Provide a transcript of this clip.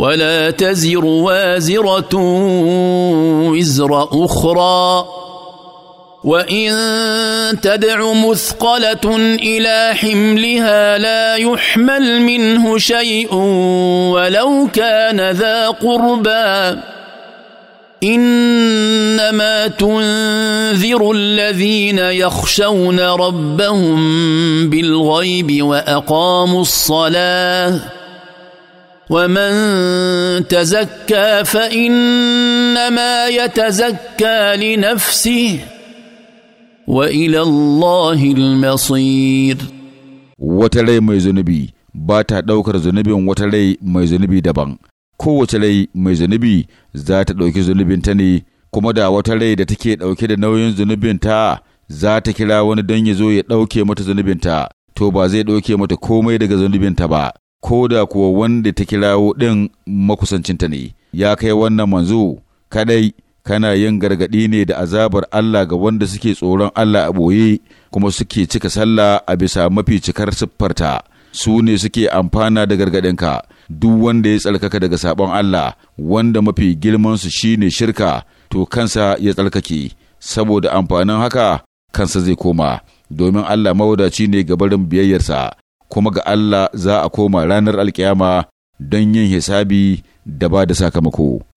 ولا تزر وازرة وزر أخرى وإن تدع مثقلة إلى حملها لا يحمل منه شيء ولو كان ذا قربى إنما تنذر الذين يخشون ربهم بالغيب وأقاموا الصلاة ومن تزكى فانما يتزكى لنفسه والى الله المصير wata rai mai zunubi ba ta ɗaukar zunubin wata rai mai zunubi daban kowace rai mai zunubi za ta ɗauki zunubin ta ne kuma da wata rai da take ɗauke da nauyin zunubin ta za ta kira wani don ya zo ya ɗauke mata zunubin ta to ba zai ɗauke mata komai daga zunubin ta ba ko da kuwa wanda ta kirawo ɗin makusancinta ne, ya kai wannan manzo, kadai kana yin gargaɗi ne da azabar Allah ga wanda suke tsoron Allah a ɓoye kuma suke cika sallah a bisa mafi cikar siffarta, su ne suke amfana da gargaɗinka, duk wanda ya tsarkaka daga sabon Allah, wanda mafi girmansu shine shirka, to kansa ya tsarkake, saboda amfanin haka kansa zai koma, domin Allah mawadaci ne ga barin biyayyarsa. kuma ga Allah za a koma ranar alkiyama don yin hisabi da ba da sakamako.